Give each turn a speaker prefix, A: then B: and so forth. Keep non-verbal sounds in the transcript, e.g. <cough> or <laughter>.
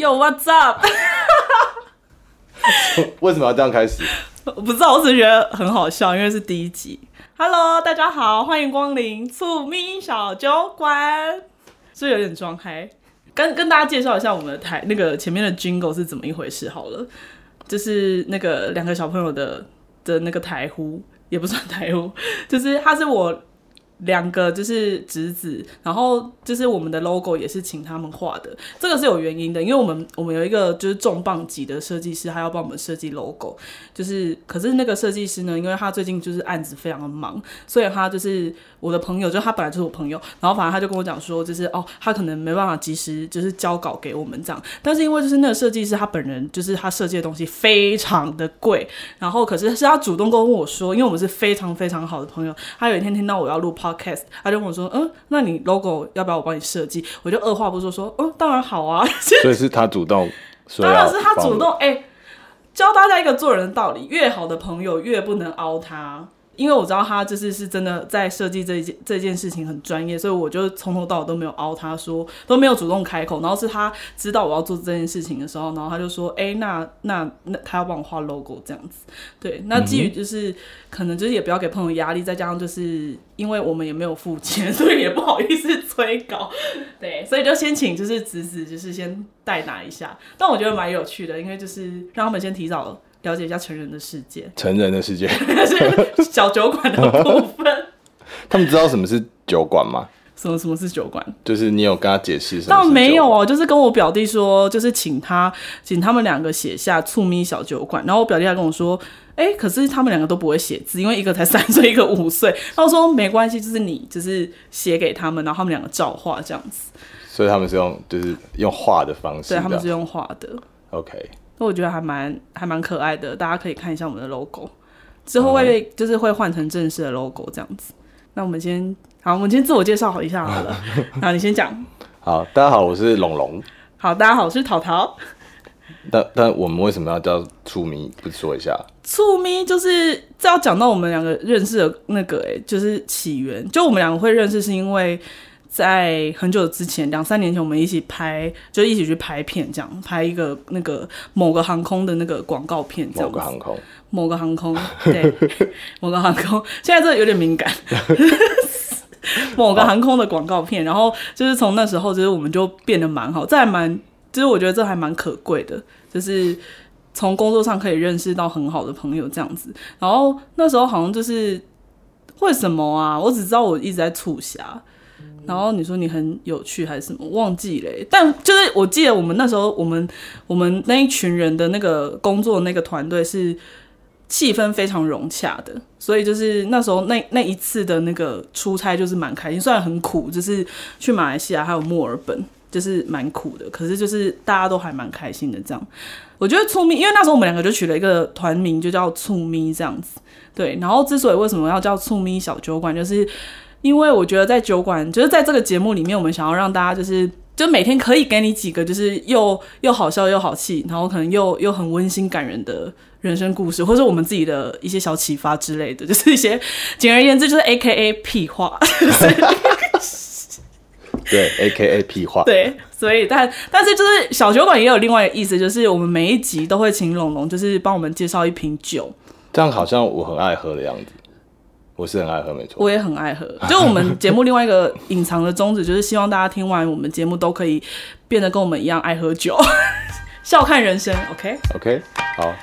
A: Yo, what's up？ <laughs> <laughs> 為什麼要這樣開始？ <laughs> 不知道，我只是覺得很好笑，因為是第一集。Hello，大家好，歡迎光臨促咪小酒館。所以有點裝嗨，跟跟大家介紹一下我們的台，那個前面的 Jingle 是怎麼一回事。好了，就是那個兩個小朋友的的那個台呼，也不算台呼，就是他是我，兩個就是侄子，然後就是我們的 logo 也是請他們畫的，這個是有原因的，因為我們我們有一個就是重磅級的設計師，他要幫我們設計 logo，就是可是那個設計師呢，因為他最近就是案子非常的忙，所以他就是我的朋友，就他本來就是我朋友，然後反正他就跟我講說，就是哦，他可能沒辦法及時就是交稿給我們這樣，但是因為就是那個設計師他本人就是他設計的東西非常的貴，然後可是是他主動跟我說，因為我們是非常非常好的朋友，他有一天聽到我要錄跑。他就跟我說：“嗯，那你 logo 要不要我幫你設計？”我就二話不說說：“哦、嗯，當然好啊！” <laughs> 所以是他主動，當然是他主動。哎、欸，教大家一個做人的道理：越好的朋友越不能凹他。因為我知道他就是是真的在設計這一件這件事情很專業，所以我就從頭到尾都沒有凹他說，說都沒有主動開口。然後是他知道我要做這件事情的時候，然後他就說：“哎、欸，那那那他要幫我畫 logo 這樣子。”對，那基於就是、嗯、可能就是也不要給朋友壓力，再加上就是因為我們也沒有付錢，所以也不好意思催稿。對，所以就先請就是侄子，子就是先代打一下，但我覺得蠻有趣的，因為就是讓他們先提早了。了解一下成人的世界，成人的世界， <laughs> 小酒館的部分。 <laughs> 他們知道什麼是酒館嗎？什麼什麼是酒館？就是你有跟他解釋什麼？倒沒有哦，就是跟我表弟說，就是請他請他們兩個寫下“促咪小酒館”。然後我表弟還跟我說：“哎、欸，可是他們兩個都不會寫字，因為一個才三歲，一個五歲。”然後我說：“沒關係，就是你就是寫給他們，然後他們兩個照畫這樣子。”所以他們是用就是用畫的方式。對，他們是用畫的。OK。我覺得還蠻還蠻可愛的，大家可以看一下我們的 logo，之後外面、oh. 就是會換成正式的 logo 這樣子。那我們先好，我們先自我介紹一下好了，好 <laughs> 你先講。好，大家好，我是龍龍。好，大家好，我是桃桃。但但我們為什麼要叫促咪？不說一下？促咪就是這要講到我們兩個認識的那個哎、欸，就是起源，就我們兩個會認識是因為。在很久之前，兩三年前，我們一起拍，就一起去拍片，這樣拍一個那個某個航空的那個廣告片這樣子。某個航空。某個航空，對， <laughs> 某個航空。現在這有點敏感。 <laughs> <laughs> 某個航空的廣告片，好然後就是從那時候，就是我們就變得蠻好，這還蠻，其實我覺得這還蠻可貴的，就是從工作上可以認識到很好的朋友這樣子。然後那時候好像就是為什麼啊？我只知道我一直在促狹。然後你說你很有趣還是什麼？我忘記了。但就是我記得我們那時候，我們我們那一群人的那個工作那個團隊是氣氛非常融洽的，所以就是那時候那那一次的那個出差就是蠻開心，雖然很苦，就是去馬來西亞還有墨爾本就是蠻苦的，可是就是大家都還蠻開心的。這樣我覺得“促咪”，因為那時候我們兩個就取了一個團名，就叫“促咪”這樣子。對，然後之所以為什麼要叫“促咪小酒館”，就是。因為我覺得在酒館，就是在這個節目裡面，我們想要讓大家就是，就每天可以給你幾個，就是又又好笑又好氣，然後可能又又很溫馨感人的人生故事，或者我們自己的一些小啟發之類的，就是一些簡而言之就是 AKA 屁話。對，AKA 屁話。對，所以但但是就是小酒館也有另外一個意思，就是我們每一集都會請龍龍，就是幫我們介紹一瓶酒。這樣好像我很愛喝的樣子。我是很愛喝，美酒，我也很愛喝。就是我們節目另外一個隱藏的宗旨， <laughs> 就是希望大家聽完我們節目都可以變得跟我們一樣愛喝酒，笑，笑看人生。OK？OK？、Okay? Okay? 好。